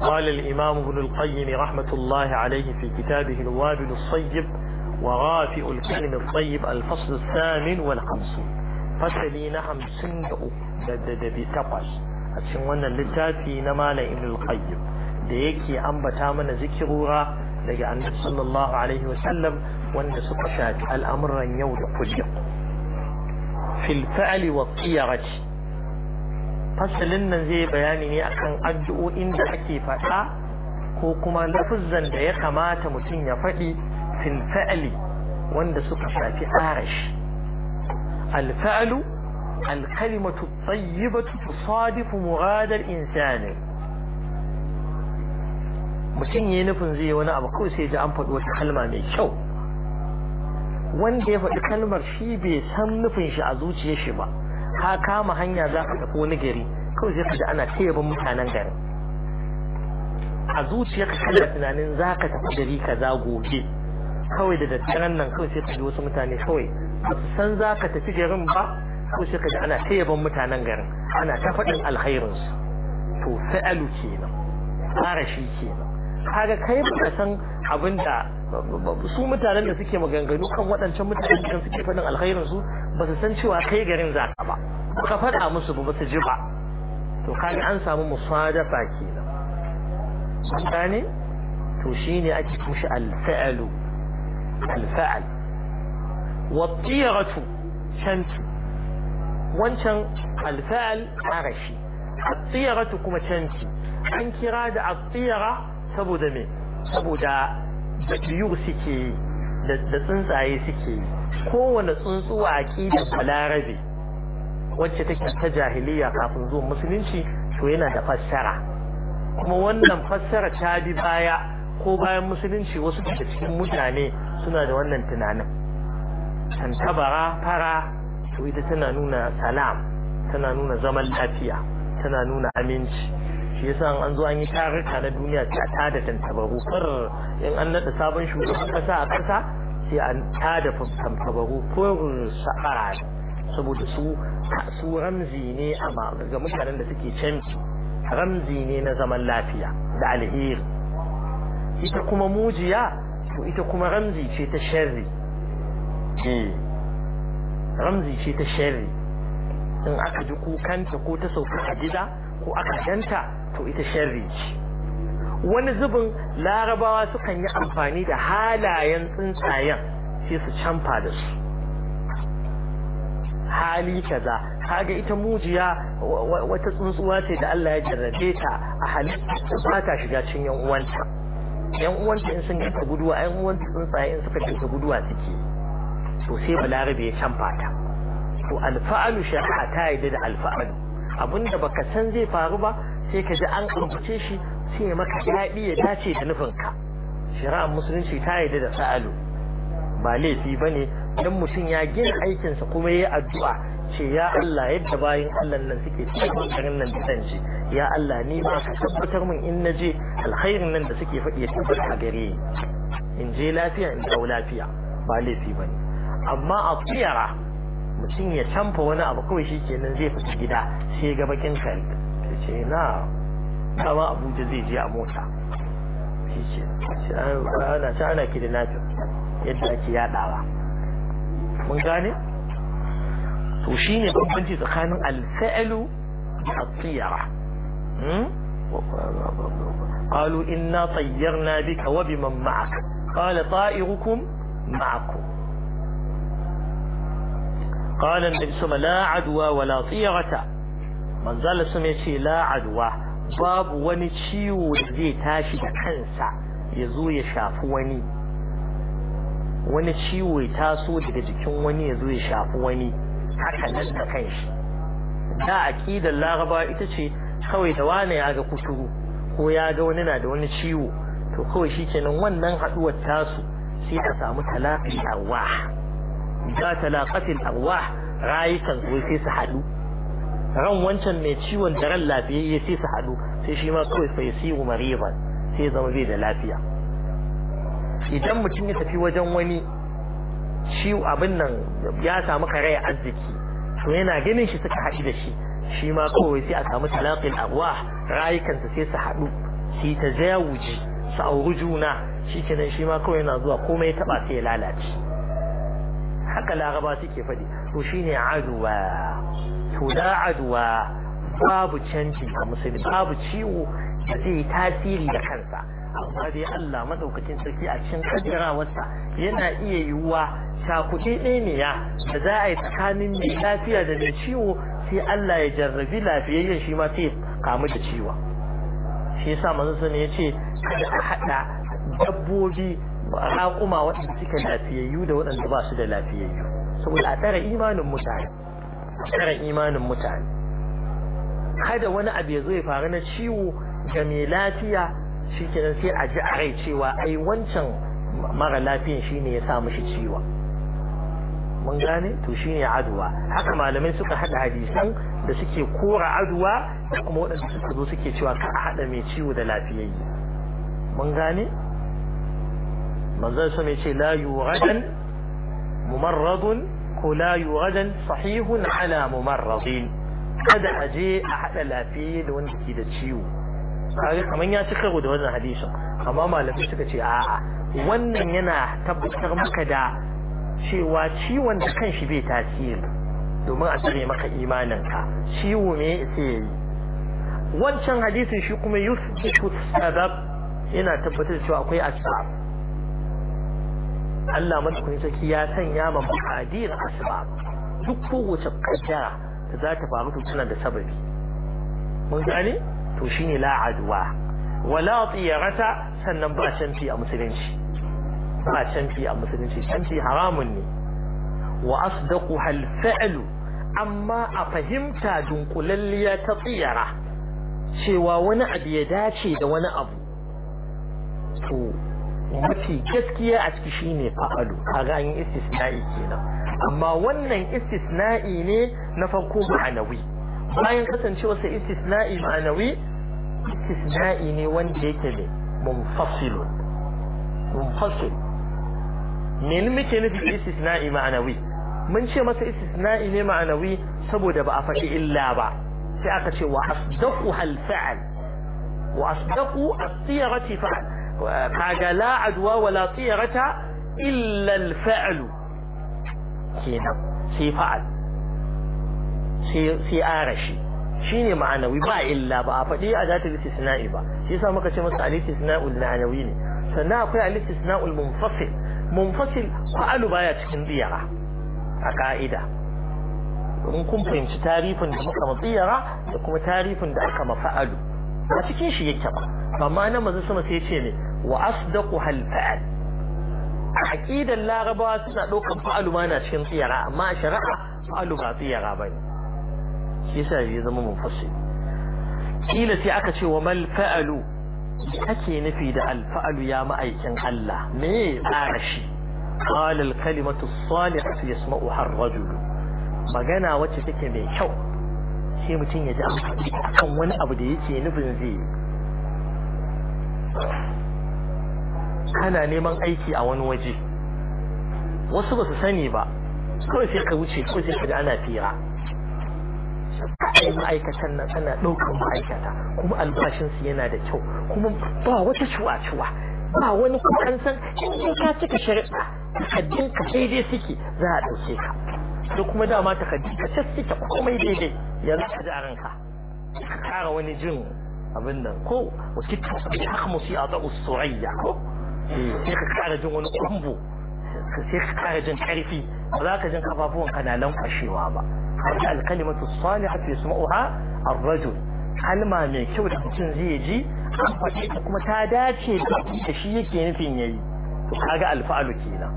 قال الإمام ابن القيم رحمة الله عليه في كتابه الوابل الصيب وغافئ الكلم الطيب الفصل الثامن والخمسون فصلي نعم سند بدد بتقش أتشن وانا لتاتي نمال ابن القيم ديكي أنبا تامن ذكرورا لقى أن صلى الله عليه وسلم وانا سقشات الأمر أن يولق في الفعل والطيرة fasalin nan zai bayani ne akan addu'o'in da ake faɗa ko kuma lafuzzan da ya kamata mutum ya faɗi fil fa'li wanda suka shafi arashi al fa'lu al kalimatu tayyibatu tusadifu muradar insani mutum yayi nufin zai wani abu ko sai ji an faɗi wata kalma mai kyau wanda ya faɗi kalmar shi bai san nufin shi a zuciyar shi ba ka kama hanya za ka tafi wani gari kawai sai ka ji ana tebin mutanen garin a zuciyar ka kana tunanin za ka tafi gari za gobe kawai da daddaren nan kawai sai ka ji wasu mutane kawai ba su san za ka tafi garin ba kawai sai ka ji ana tebin mutanen garin ana ta faɗin alkhairinsu to ke kenan fara shi kenan kaga kai ba san abin da su mutanen da suke maganganu kan waɗancan mutanen da suke faɗin alkhairinsu su ba su san cewa kai garin za ka ba baka faɗa musu ba su ji ba to kaga an samu musadafa kenan kun gane to shine ake kushi al-fa'lu al-fa'l wa tiyaratu shantu wancan al-fa'l arashi at-tiyaratu kuma shanti an kira da at-tiyara saboda me saboda da biyu suke da tsuntsaye suke kowane tsuntsu a aqidar balarabe wacce take ta jahiliya kafin zuwa musulunci to yana da fassara kuma wannan fassara ta bi baya ko bayan musulunci wasu daga cikin mutane suna da wannan tunanin tantabara fara to ita tana nuna salam tana nuna zaman lafiya tana nuna aminci shi yasa an zo an yi tarurruka na duniya ta tada tantabaru far in an nada sabon shugaban kasa a kasa sai an tada tantabaru fur sa'ara saboda su su ramzi ne ga mutanen da suke canci ramzi ne na zaman lafiya da alheri ita kuma mujiya to ita kuma ramzi ce ta sharri eh. ramzi ce ta sharri in aka ji kukanta ko ta sauka a gida ko aka ganta to ita sharri ce wani zubin larabawa sukan yi amfani da halayen tsuntsayen sai su canfa da su hali kaza kaga ita mujiya wata tsuntsuwa ce da Allah ya jarrabe ta a halitta ba ta shiga cikin yan uwanta yan uwanta in sun ganta guduwa yan uwanta tsuntsaye in suka ganta guduwa suke to sai balarabe ya canfa ta to alfa'alu shari'a ta yi da alfa'alu abinda baka san zai faru ba sai ka ji an ambace shi sai maka daɗi ya dace da nufinka shari'ar musulunci ta yi da sa'alu ba laifi bane Idan mutum ya gina aikinsa kuma ya yi addu'a ce ya Allah yadda bayan Allah nan suke cikin garin nan da zan ya Allah ni ma ka tabbatar min in na je alkhairin nan da suke faɗi ya tabbata a gare ni in je lafiya in dawo lafiya ba laifi ba ne amma a tsira mutum ya canfa wani abu kawai shi kenan zai fita gida sai ga bakin kare ta abuja zai je a mota shi ce ana ta ana kidnapping yadda ake yadawa mun gane to shine bambanci tsakanin alfa'lu da at-tiyara قالوا إنا طيرنا بك وبمن معك قال طائركم معكم قال النبي صلى الله عليه وسلم لا عدوى ولا طيرة من زال سمي لا عدوى باب وني ciwo تاشي zai tashi da wani ciwo ya taso daga jikin wani ya zo ya shafi wani haka nan da shi da aqidar laraba ita ce kawai da wani ya ga kuturu ko ya ga wani na da wani ciwo to kawai shikenan wannan haduwar tasu sai ta samu talaqi arwah da talaqati arwah rayukan zo sai su hadu ran wancan mai ciwon da ran lafiyayye sai su hadu sai shi ma kawai fa yasiru mariban sai zama bai da lafiya idan mutum ya tafi wajen wani shi abin nan ya samu kare a arziki to yana ganin shi suka haɗu da shi shi ma kawai sai a samu talaqil abuwa rayukansa sai su haɗu shi ta zayawuji su auri juna shi kenan shi ma kawai yana zuwa komai ya taɓa sai ya lalace haka laraba suke faɗi to shine aduwa to da aduwa babu canji a musulmi babu ciwo da zai tasiri da kansa amma dai Allah madaukakin sarki a cikin kaddarawarsa yana iya yiwuwa cakuɗe ɗaya ne ya da za a yi tsakanin mai lafiya da mai ciwo sai Allah ya jarrabi lafiyayyen shi ma sai kamu da ciwo shi yasa manzo sani ce kada a haɗa dabbobi raƙuma waɗanda suke lafiyayyu da waɗanda ba su da lafiyayyu saboda a tsara imanin mutane a tsara imanin mutane kada wani abu ya zo ya faru na ciwo ga mai lafiya shi kenan sai a ji a rai cewa ai wancan mara lafiyan shine ya sa mishi ciwon mun gane to shine aduwa haka malamai suka hada hadisan da suke kora aduwa da kuma waɗanda suka zo suke cewa ka hada mai ciwo da lafiyayye mun gane manzon mai ce la yuradan mumarradun ko la yuradan sahihun ala mumarradin kada a je a hada lafiyayye da wanda ke da ciwo kamar ya ci karo da wannan hadisin amma malamai suka ce a'a wannan yana tabbatar maka da cewa ciwon da kanshi bai tasiri domin a tsare maka imaninka ciwo me yake yi wancan hadisin shi kuma yusbitu sabab yana tabbatar cewa akwai asbab Allah madaukakin sarki ya sanya ma makadir asbab duk kowace kaddara da za ta faru tana da sababi mun gane to shine la adwa wala tiyarata sannan ba canfi a musulunci ba canfi a musulunci canfi haramun ne wa asdaqu hal amma a fahimta dunkulalliya ta tsiyara cewa wani abu ya dace da wani abu to mafi gaskiya a ciki shine fa'alu a an istisna'i kenan amma wannan istisna'i ne na farko ma'anawi bayan kasancewa kasancewarsa istisna'i ma'anawi istisna'i ne wanda yake ne munfasilu munfasil ne muke nufi istisna'i ma'anawi mun ce masa istisna'i ne ma'anawi saboda ba a faɗi illa ba sai aka ce wa asdaqu hal fa'al wa asdaqu as-siyarati fa'al kaga la adwa wa la siyarata illa al fa'al kenan sai fa'al sai arashi shine ma'anawi ba illa ba a fadi a zata istisna'i ba shi yasa muka ce masa al-istisna'ul ma'anawi ne sannan akwai al-istisna'ul munfasil munfasil fa'alu baya cikin diyara a ka'ida kun kun fahimci tarifin da muka matsiyara da kuma tarifin da aka mafa'alu a cikin shi yake ba amma nan mazu sama sai ce ne wa asdaqu hal fa'al a aqidan larabawa suna ɗaukar fa'alu ma na cikin tsiyara amma shari'a fa'alu ba tsiyara bane yasa ya zama munfasil kila sai aka ce wa mal fa'alu ake nufi da al fa'alu ya ma'aikin Allah me tsara shi qala al kalimatu salihatu yasma'uha ar rajul magana wacce take mai kyau sai mutum ya ji akan wani abu da yake nufin zai kana neman aiki a wani waje wasu ba su sani ba kawai sai ka wuce kawai sai ka ji ana fira matsayin ma'aikatan nan ana ɗaukar ma'aikata kuma albashinsu yana da kyau kuma ba wata cuwa-cuwa ba wani kukan san in ka cika shari'a takaddun ka daidai suke za a ɗauke ka da kuma dama takaddun ka ce suke komai daidai yanzu ka ji a ranka ka kara wani jin abin nan ko wasu tafi haka musu a za'u soyayya ko eh, sai ka kara jin wani kwambo sai ka kara jin karfi ba za ka jin kafafuwan kana lankwashewa ba الكلمة الصالحة في اسمها الرجل هل ما من كود حسن زيجي أفكيتكم تاداتي بشيء كين في نيي هاجا الفعل كينا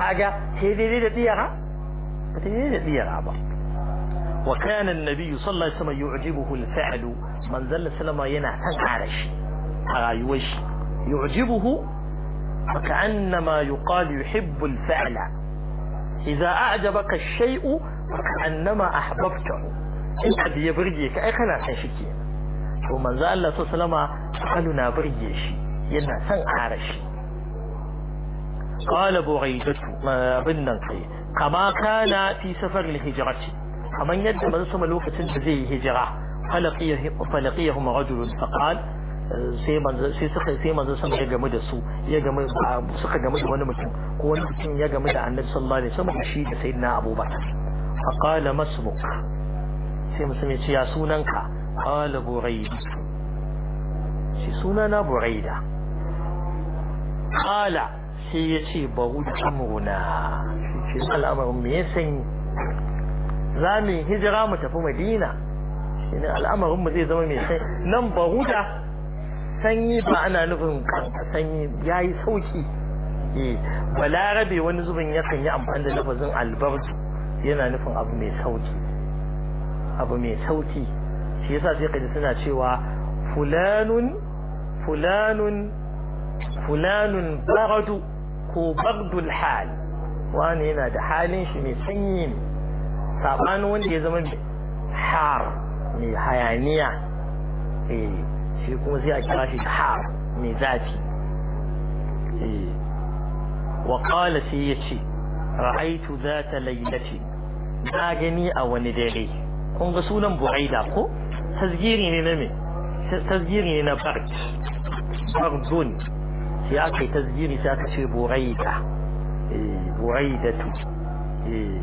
هاجا هذي ذي ذيها هذي ذي ذيها عبا وكان النبي صلى الله عليه وسلم يعجبه الفعل من ذل سلم ينع تنعرش هاي وش يعجبه فكأنما يقال يحب الفعل إذا أعجبك الشيء annama ahbabta in abu ya burge ka ai kana san shi ke to manzo Allah sallallahu alaihi wasallama kalu na burge shi yana san arashi قال بغيدته abin nan kai kama kana fi safar hijrati kaman yadda manzo sama lokacin da zai hijira falaqiyahu falaqiyahum rajul faqal sai manzo sai suka sai manzo sama ya gamu da su ya gamu suka gamu da wani mutum ko wani mutum ya gamu da annabi sallallahu alaihi wasallam shi da sayyidina abubakar فقال ما اسمك sai mutum ya ce ya sunanka qala buraida shi sunana buraida ƙala sai ya ce bawud amruna shi al'amarin me ya sanyi za mu hijira mu tafi madina shi ne al'amarin mu zai zama mai sanyi nan bawuda sanyi ba ana nufin sanyi ya yayi sauki eh balarabe wani zubin yakan yi amfani da lafazin albardu yana nufin abu mai sauki abu mai sauki shi yasa sai kaji suna cewa fulanun fulanun fulanun baradu ko bardul hal wani yana da halin shi mai sanyi ne sabanin wanda ya zama har mai hayaniya eh shi kuma sai a kira shi har mai zafi eh wa qala sai yace ra'aytu zata laylati na gani a wani dare kun ga sunan bu'aida ko tasgiri ne na me tasgiri ne na bard bardun sai aka yi tasgiri sai aka ce bu'aida eh, bu'aidatu eh.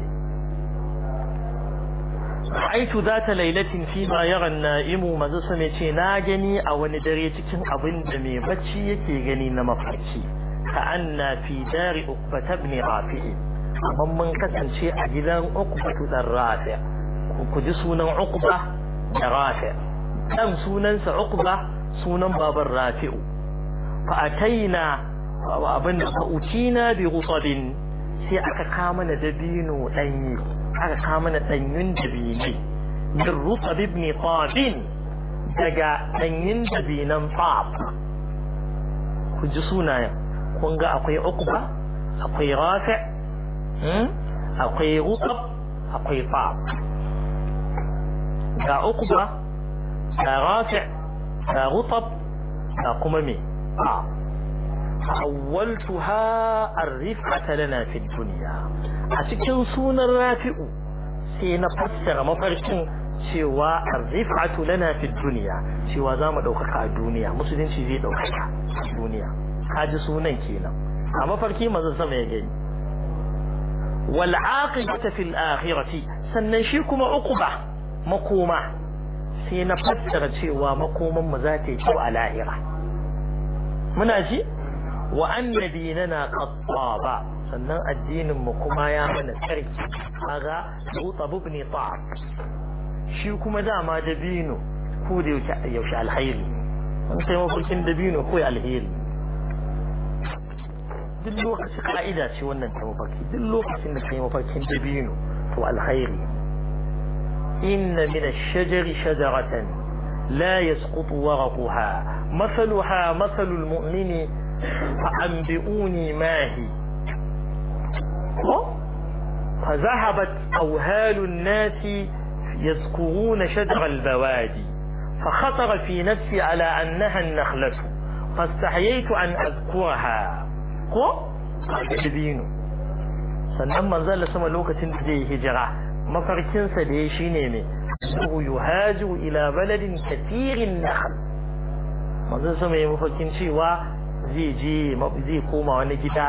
ra'aitu zata lailatin fi ma yara na'imu manzo sai ce na gani a wani dare cikin abin da mai bacci yake gani na mafarki ka anna fi dari ukbata ibn rafi'i amma mun kasance a gidan tu dan rafi ku ji sunan ukuba da rafi dan sunansa ukuba sunan baban rafi'u fa ataina abin da fa utina bi ghutabin sai aka kama na dabino danyi aka kama na danyun dabini min rutab ibn qadin daga danyin dabinan fab ku ji sunayen kun ga akwai ukuba akwai rafi' Hmm? akwai ruqab akwai fa ga ba ga rafi ga rutab ga kuma me ha fi duniya a cikin sunan rafi'u sai na fassara mafarkin cewa arrifatu lana fi duniya cewa za mu ɗaukaka a duniya musulunci zai ɗaukaka a duniya kaji sunan kenan a mafarki mazan sama ya gani والعاقبة في الآخرة سننشيكم عقبة مقومة سينفسر شيوا مقوما مزاتة والآخرة مناجي وأن ديننا قد طاب سنن الدين مقوما يا من السري هذا لوطب ابن طعب شيكم ذا ما دبينو كودي يوشع الحيل أنت ما قلت دبينو كوي الحيل دلوك قائدة شي ونن كي مفكي دلوك سن كي مفكي تبينو طبع الخير إن من الشجر شجرة لا يسقط ورقها مثلها مثل المؤمن فأنبئوني ما هي فذهبت أوهال الناس يذكرون شجر البوادي فخطر في نفسي على أنها النخلة فاستحييت أن أذكرها ko da bino sannan manzo Allah sama lokacin da zai hijira mafarkin sa da ya shine ne annahu yuhaju ila baladin katirin nahl manzo sama ya mafarkin cewa zai je zai koma wani gida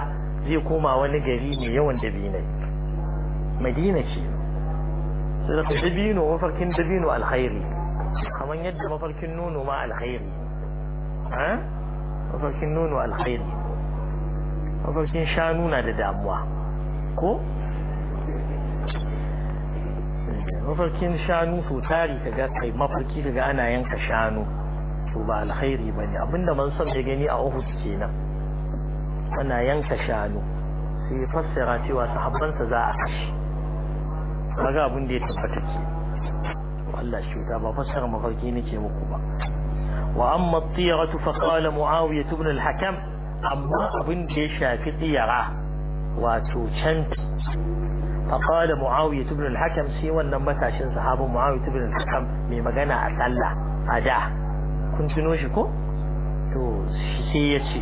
zai koma wani gari mai yawan dabinai madina ce sai ta dabino mafarkin dabino alkhairi kaman yadda mafarkin nono ma alkhairi ha mafarkin nono alkhairi mafarkin shanu na da damuwa ko mafarkin shanu so tari ga kai mafarki daga ana yanka shanu to ba alkhairi ne abinda man san ya gani a Uhud kenan ana yanka shanu sai fassara cewa sahabbansa za a kashe kaga abin da ya tabbata ke Allah shi ta ba fassara mafarki nake muku ba wa amma tiyaratu fa qala muawiya ibn al-hakam amma abin da ya shafi tsiyara wato can faƙada mu'awiyya tubin al-hakam sai wannan matashin sahabin mu'awiyya tubin hakam mai magana a sallah a da kun tuno ko to shi sai ya ce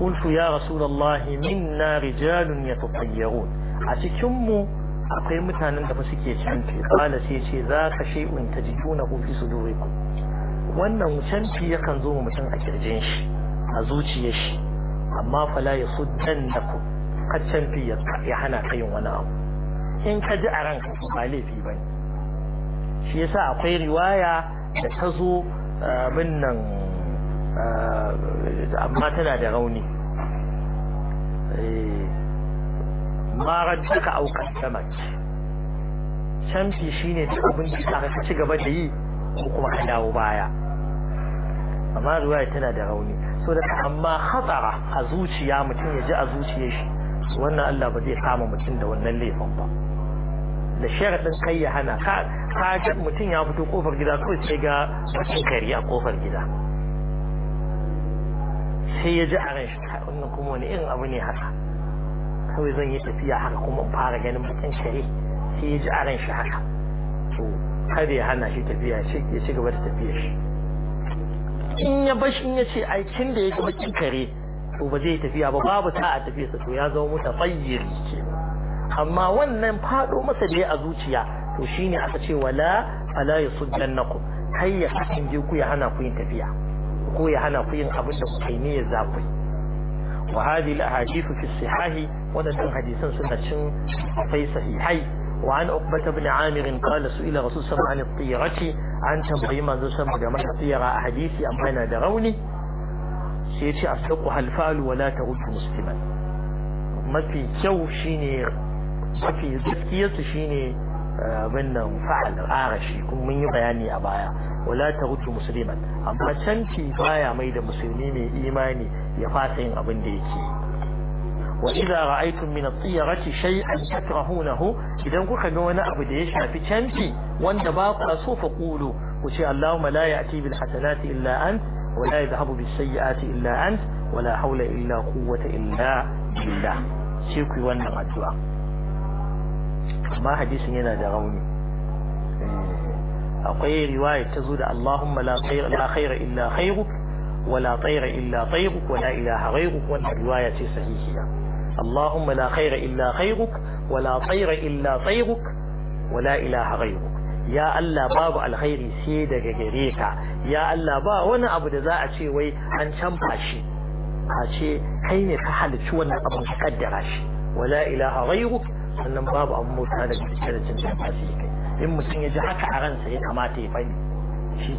kultu ya rasulullahi minna rijalun ya tafayyaru a cikin mu akwai mutanen da suke canfi kala sai ce za ka shi'un ta jiki na kofi su dore ku wannan canfi yakan zo mu mutum a kirjin shi a zuciyar shi amma fala ya suddan da ku kaccan fiye ya hana ka yin wani abu in ka ji a ranka ba laifi ba ne shi yasa akwai riwaya da ta zo min eh, nan eh, amma tana da rauni eh, ma ka aukar qaddamat canfi ne da abin da ka ci gaba da yi ko kuma ka dawo baya amma riwaya tana da rauni so da amma hatsara a zuciya mutum ya ji a zuciyar shi wannan Allah ba zai kama mutum da wannan laifin ba da ɗin kai ya hana ka ga mutum ya fito kofar gida kawai sai ga mutum kari a kofar gida sai ya ji a ran shi wannan kuma wani irin abu ne haka kawai zan yi tafiya haka kuma in fara ganin mutum kare sai ya ji a ran shi haka to kada ya hana shi tafiya ya ci gaba da tafiya shi in ya bashi in ya ce ai kin da ga bakin kare to ba zai tafiya ba babu ta a tafiya to ya zama mutafayyiri ke amma wannan fado masa da ya a zuciya to shine aka ce wala ala yusuddannakum kai ya je ku ya hana ku yin tafiya ko ya hana ku yin abin da kuka ne ya zaku wa hadhihi al ahadith fi wa wadannan hadisan suna cin fai sahihai وعن عقبة بن عامر قال سئل رسول الله عن الطيرة عن تنبيه ما ذو سمع جمع الطيرة أحاديثي أم أنا دروني سيتي أصدقها الفعل ولا تعود مسلما ما في جو شيني ما في زكية شيني wannan fa'al arashi kun mun yi bayani a baya wala tarutu musliman amma canci baya mai da musulmi mai imani ya fasa yin abin da yake wa idza ra'aytum min at-tiyarati shay'an takrahunahu idan kuka ga wani abu da ya shafi canfi wanda ba ku so fa qulu ku ce Allahumma la ya'ti bil hasanati illa ant wa la yadhhabu bis sayyiati illa ant wa la hawla illa quwwata illa billah sai wannan addu'a amma hadisin yana da rauni akwai riwaya ta zo da Allahumma la khayra illa khayruk ولا طير إلا طيرك ولا إله غيرك وأن الرواية صحيحة Allahumma لا خير إلا خيرك ولا طير إلا ya Allah babu alkhairi sai daga gareka ya Allah ba wani abu da za a ce wai an canfa shi a kai ne ka halicci wannan abin ka kaddara shi wala ilaha sannan babu abin mota da cikin da cin in mutum ya ji haka a ransa ya kamata ya fani shi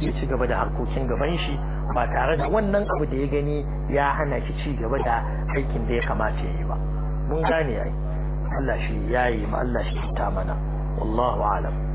ya ci gaba da harkokin gaban shi ba tare da wannan abu da ya gani ya hana shi ci gaba da aikin da ya kamata ya yi ba mun gane ai Allah shi yayi ma Allah shi ta mana wallahu alam